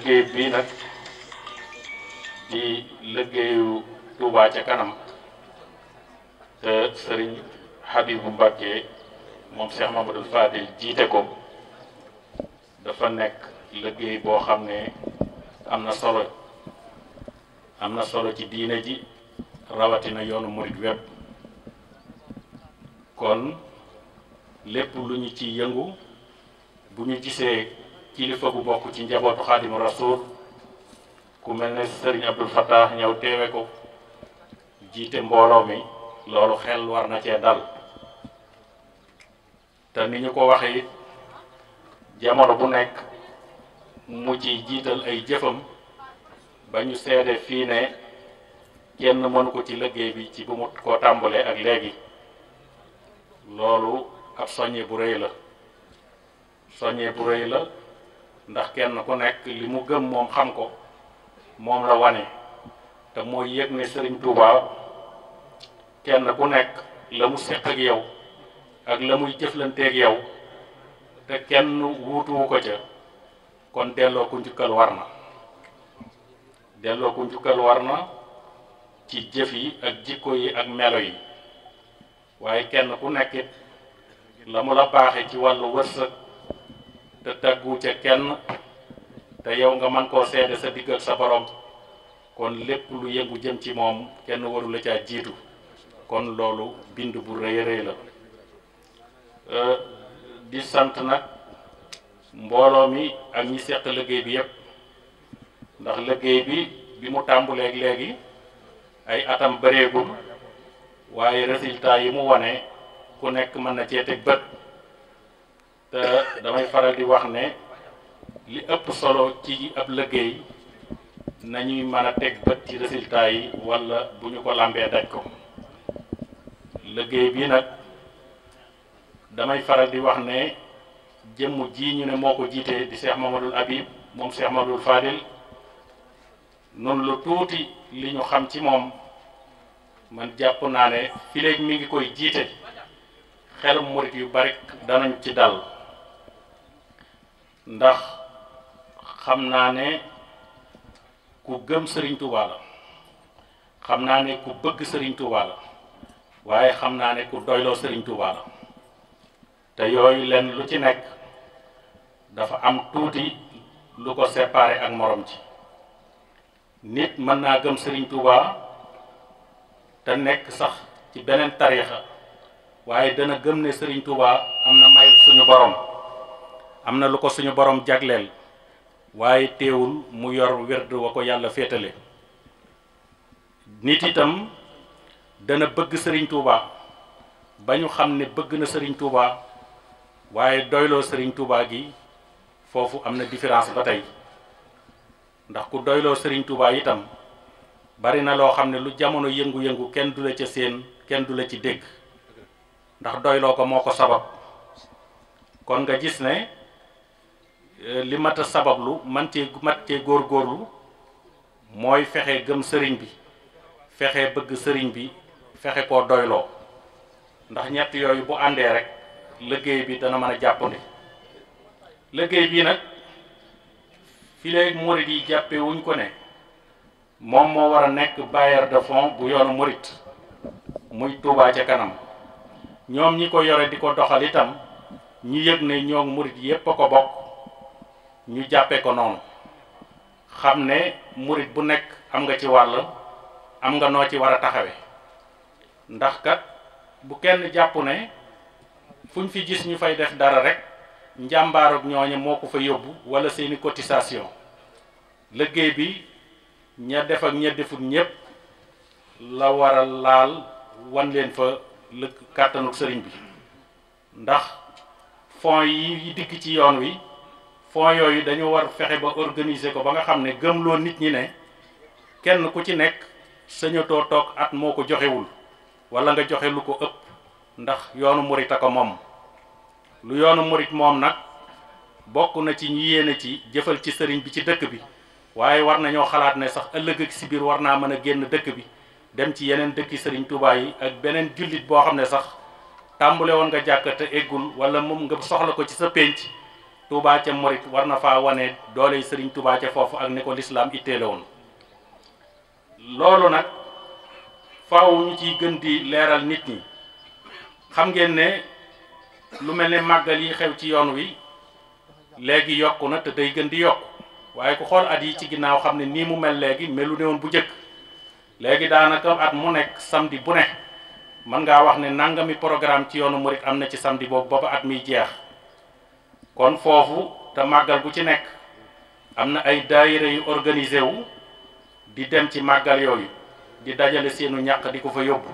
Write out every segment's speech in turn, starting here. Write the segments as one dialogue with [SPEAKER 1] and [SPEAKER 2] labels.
[SPEAKER 1] liggéey bii nag di liggéeyu Touba ca kanam te sëriñ Habibou Mbacké moom Cheikh Mamadou Fadil jiite ko dafa nekk liggéey boo xam ne am na solo am na solo ci diine ji rawatina yoonu murit wépp kon lépp lu ñu ci yëngu bu ñu gisee kilifa bu bokk ci njabootu xaadimu rasul ku mel ni sëriñ Abdul Fattah ñëw teewe ko jiite mbooloo mi loolu xel war na cee dal te ni ñu ko waxee jamono bu nekk mu ci jiital ay jëfam ba ñu seede fii ne kenn mënu ko ci liggéey bi ci bu mu ko tàmbalee ak léegi loolu ab soññe bu rëy la soññe bu rëy la ndax kenn ku nekk li mu gëm moom xam ko moom la wane te mooy yëg ne sëriñ Touba kenn ku nekk la mu seq ak yow ak la muy jëflanteeg yow te kenn wuutuwu ko ca kon delloo ku njukkal war na delloo ku njukkal war na ci jëf yi ak jikko yi ak melo yi waaye kenn ku nekkit la mu la baaxe ci wàllu wërsëg te daggu ca kenn te yow nga man koo seede sa digg ak sa borom kon lépp lu yëngu jëm ci moom kenn waru la caa jiitu kon loolu bind bu rëy rëy la euh, di sant nag mbooloo mi ak ñi seq liggéey bi yépp ndax liggéey bi bi mu tàmbuleek léegi ay atam bëreegul waaye résultat yi mu wane ku nekk mën na cee teg bët te damay faral di wax ne li ëpp solo ci ab liggéey nañuy man a teg bët ci résultat yi walla bu ñu ko làmbee daj ko liggéey bi nag damay faral di wax ne jëmm ji ñu ne moo ko jiite di Cheikh Mamadou Habib moom Cheikh Mamadou Fadil noonu lu tuuti li ñu xam ci moom man jàpp naa ne fileeg mi ngi koy jiite xel murit yu bari danañ ci dal ndax xam naa ne ku gëm sëriñ Tuubaa la xam naa ne ku bëgg sëriñ Tuubaa la waaye xam naa ne ku doyloo sëriñ Tuubaa la te yooyu leen lu ci nekk dafa am tuuti lu ko séparé ak morom ci nit mën naa gëm sëriñ Tuubaa te nekk sax ci beneen tariixa waaye dana gëm ne sëriñ Tuubaa am na may suñu borom am na lu ko suñu borom jagleel waaye teewul mu yor werd wa ko yàlla féetale nit itam dana bëgg sëriñ Touba ba ñu xam ne bëgg na sëriñ Touba waaye doyloo sëriñ Touba gi foofu am na différence ba tey ndax ku doyloo sëriñ Touba itam bari na loo xam ne lu jamono yëngu-yëngu kenn du la ca séen kenn du la ci dégg ndax doyloo ko moo ko sabab kon nga gis ne Euh, li mat a sabablu man cee mat cee góorgóorlu mooy fexe gëm sëriñ bi fexe bëgg sëriñ bi fexe koo doyloo ndax ñett yooyu bu àndee rek liggéey bi dana mën a jàppandi liggéey bii nag file léegi yi jàppe ko ne moom moo war a nekk bailleur de fonds bu yoonu murit muy Touba ca kanam ñoom ñi ko yore di ko doxal itam ñi yëg ne ñoo murit yépp a ko bokk ñu jàppee ko noonu xam ne murit bu nekk am nga ci wàll am nga noo ci war a taxawe ndax kat bu kenn jàpp ne fu ñu fi gis ñu fay def dara rek njàmbaarug ñooñu moo ko fa yóbbu wala seeni cotisation liggéey bi ña def ak ña defut ñépp la war laal wan leen fa lëkk kàttanuk sëriñ bi ndax fonds yi dikk ci yoon wi fond yooyu dañu war fexe ba organiser ko ba nga xam ne gëmloo nit ñi ne kenn ku ci nekk sañatoo toog at moo ko joxewul wala nga joxe lu ko ëpp ndax yoonu murit a ko moom lu yoonu murit moom nag bokk na ci ñu yéene ci jëfal ci sëriñ bi ci dëkk bi waaye war nañoo xalaat ne sax ëllëg ak si biir war naa mën a génn dëkk bi dem ci yeneen dëkki sëriñ Tuubaa yi ak beneen jullit boo xam ne sax tàmbule woon nga jàkk te eggul wala moom nga soxla ko ci sa pénc Touba ca Morit war na faa wane doole yi sëriñ Touba ca foofu ak ne ko lislaam itteele woon loolu nag faaw ñu ciy gën di leeral nit ñi xam ngeen ne lu mel ni màggal yi xew ci yoon wi léegi yokk na te day gën di yokk waaye ku xool at yi ci ginnaaw xam ne nii mu mel léegi melu ne woon bu njëkk léegi daanaka at mu nekk samedi bu ne mën ngaa wax ne nangami programme ci yoonu murit am na ci samedi boobu bopp at miy jeex kon foofu te màggal bu ci nekk am na ay daayira yu organisé wu di dem ci màggal yooyu di dajale seenu ñàkk di ko fa yóbbu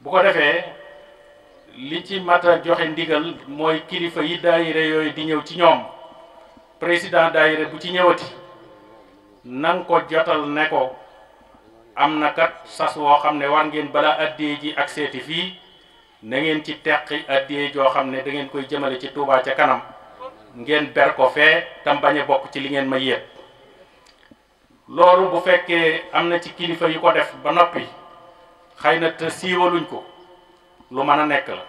[SPEAKER 1] bu ko defee li ci mat joxe ndigal mooy kilifa yi daayira yooyu di ñëw ci ñoom président daayira bu ci ñëwati nan ko jotal ne ko am na kat sas woo xam ne war ngeen balaa addee ji ak seeti fii na ngeen ci teq addiyee joo xam ne dangeen koy jëmale ci Touba ca kanam ngeen ber ko fee tam bañ bokk ci li ngeen ma yéeg loolu bu fekkee am na ci kilifa yu ko def ba noppi xëy na te siiwaluñ ko lu mën a nekk la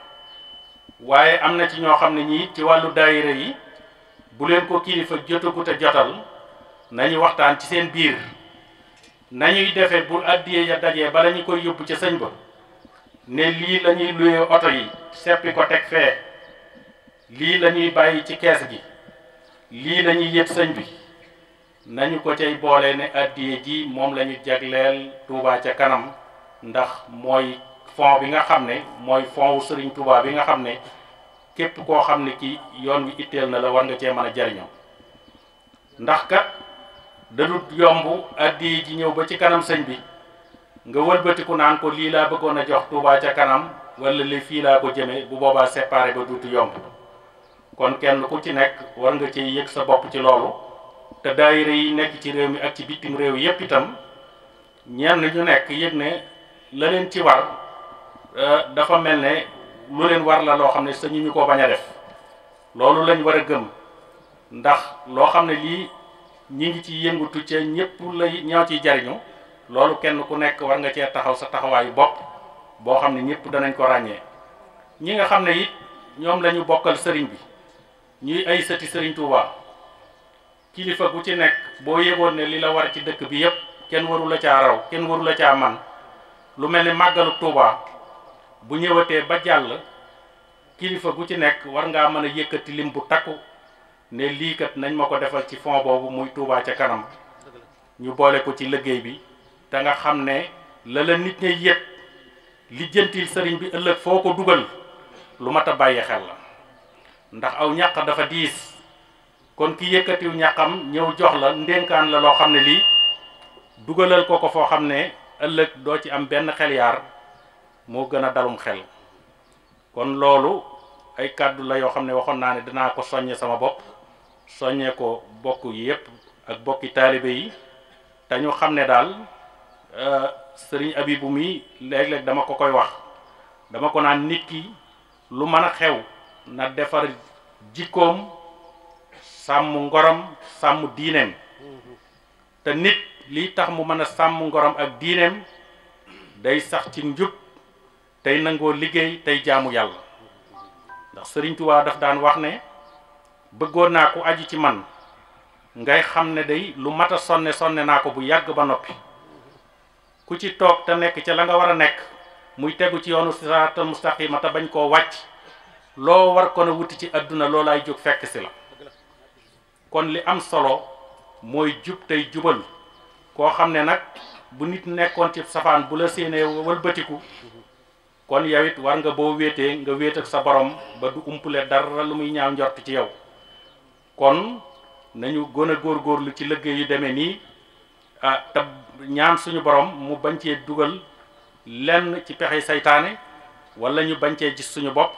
[SPEAKER 1] waaye am na ci ñoo xam ne ñii ci wàllu daayira yi bu leen ko kilifa jotagut a jotal nañu waxtaan ci seen biir nañuy defee bu addiyee ya dajee bala ñu koy yóbbu ca sëñ ba ne lii la ñuy luye oto yi seppi ko teg fee lii lañuy bàyyi ci kees gi lii lañuy ñuy yëpp sëñ bi nañu ko cay boole ne addiye ji moom la ñu jagleel Touba ca kanam ndax mooy fond bi nga xam ne mooy fond sëriñ Serigne Touba bi nga xam ne képp koo xam ne ki yoon wi itteel na la war nga cee mën a jariñoo ndax kat dadut yomb addiye ji ñëw ba ci kanam sëñ bi nga wëlbatiku naan ko lii laa bëggoon a jox Touba ca kanam wala li fii laa ko jëme bu boobaa séparé ba duutu yomb kon kenn ku ci nekk war nga ci yëg sa bopp ci loolu te daay yi nekk ci réew mi ak ci bitim réew yépp itam ñenn ñu nekk yëg ne la leen ci war euh, dafa mel ne lu leen war la loo xam ne sañu ñu ko bañ a def loolu lañ war a gëm ndax loo xam ne lii ñu ngi ci yëngutu ca ñépp la ñaaw ciy jariñu loolu kenn ku nekk war nga cee taxaw sa taxawaayu bopp boo xam ne ñëpp danañ ko ràññee ñi nga xam ne it ñoom la bokkal sëriñ bi ñuy ay sëti sëriñ Touba kilifa gu ci nekk boo yëgoon ne li la war ci dëkk bi yépp kenn warula la raw kenn waru la caa man lu mel ne màggalu Touba bu ñëwatee ba jàll kilifa gu ci nekk war ngaa mën a yëkkati lim bu takku ne liikat nañ ma ko defal ci fond boobu muy tuubaa ca kanam ñu boole ko ci liggéey bi te nga xam ne la la nit ña yëg lijjantil sëriñ bi ëllëg foo ko dugal lu mat a bàyyi xel la ndax aw ñàq dafa diis kon ki yëkkatiw ñàqam ñëw jox la ndénkaan la loo xam ne lii dugalal ko ko foo xam ne ëllëg doo ci am benn xel moo gën a dalum xel kon loolu ay kàddu la yoo xam ne waxoon naa ne danaa ko soññe sama bopp soññee ko bokk yépp ak bokki taalibe yi te ñu xam ne daal Euh, sëriñ Abibu mi léeg-léeg dama ko koy wax dama ko naan nit ki lu mën a xew na defar jikkoom sàmm ngorom sàmm diineem te nit li tax mu mën a sàmm ngorom ak diineem day sax ci njub tey nangoo liggéey tey jaamu yàlla ndax sëriñ Tuubaa daf daan wax ne bëggoon naa ku aju ci man ngay xam ne day lu mat a sonne sonne naa ko bu yàgg ba noppi ku ci toog te nekk ca la nga war a nekk muy tegu ci yoonu siraatal mustaqima te bañ koo wàcc loo war kon a wuti ci àdduna loolaay jóg fekk si la kon li am solo mooy jub tey jubal koo xam ne nag bu nit nekkoon ci safaan bu la séenee wëlbatiku kon yow war nga boo wéetee nga wéet sa borom ba du umpule dara lu muy ñaaw njort ci yow kon nañu góor a lu ci liggéey yu demee nii Ah, te ñaan suñu boroom mu bañ cee dugal lenn ci pexe saytaane wala ñu bañ cee gis suñu bopp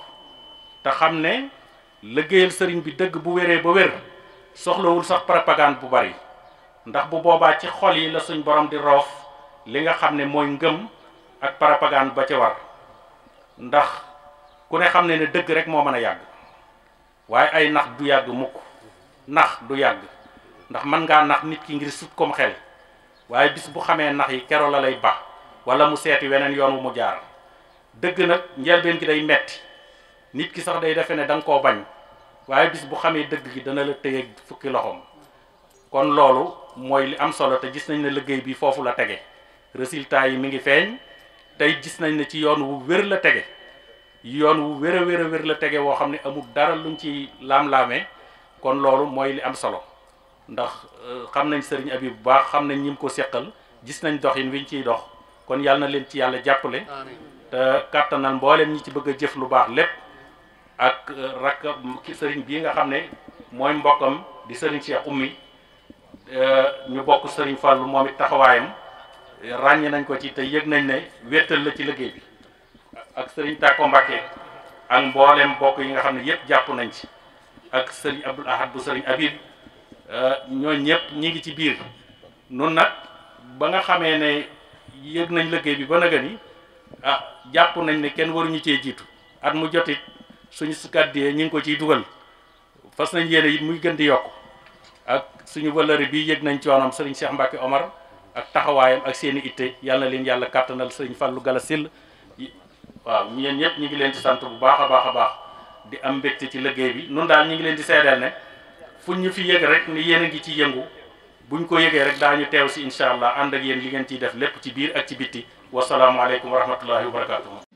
[SPEAKER 1] te xam ne liggéeyal sëriñ bi dëgg bu wéree ba wér soxlawul sax propagande bu bari ndax bu boobaa ci xol yi la suñ borom di roof li nga xam ne mooy ngëm ak propagande ba ci war ndax ku ne xam ne ne dëgg rek moo mën a yàgg waaye ay nax du yàgg mukk nax du yàgg ndax mën ngaa nax nit ki ngir sut comme xel waaye bis bu xamee nax yi kero la lay ba wala mu seeti weneen yoon wu mu jaar dëgg nag njëlbeen gi day metti nit ki sax day defe ne da nga koo bañ waaye bis bu xamee dëgg gi dana la tëye fukki loxoom kon loolu mooy li am solo te gis nañ ne liggéey bi foofu la tege résultat yi mi ngi feeñ tey gis nañ ne ci yoon wu wér la tege yoon wu wér a wér la tege woo xam ne amul dara luñ ci laam-laamee kon loolu mooy li am solo ndax euh, xam nañ sëriñ Habib bu baax xam nañ ñi ko seqal gis nañ doxin wiñ ciy dox kon yàlla na leen ci yàlla jàppale te kàttanal mboolem ñi ci bëgg a jëf lu baax lépp ak euh, rakk sëriñ bii nga xam ne mooy mbokkam di sëriñ Cheikh Oumy euh, ñu bokk sëriñ Fallou moom it taxawaayam ràññee nañ ko ci te yëg nañ ne wéttal la ci liggéey bi ak sëriñ Tako Mbacké ak mboolem bokk yi nga xam ne yëpp jàpp nañ ci ak sëriñ Abdoul Ahad bu sëriñ Habib Euh, ñooñ ñëpp ñu ngi ci biir nun nag ba nga xamee ne yëg nañ liggéey bi ba naga ni ah jàpp nañ ne kenn waruñu cee jiitu at mu jotit suñu kàddee ñu ngi ko ciy dugal fas nañ yéene yit muy gën di yokk ak suñu valeur bii yëg nañ coonam sëriñ Cheikh Mbacke Omar ak taxawaayam ak seeni itte yàlla na leen yàlla kàttanal sëriñ Fallou Gala Sill waaw ñeen ñëpp ñu ngi leen ci sant bu baax a baax a baax di am mbégte ci lëggéey bi nun daal ñu ngi leen di seedeel ne fuñ ñu fi yëg rek ni yéen a ngi ci yëngu buñ ko yëgee rek ñu teew si incha allah ànd ak yéen li ngeen ciy def lépp ci biir ak ci bitti wasalaamualeykum wa rahmatullahi wa barakatuh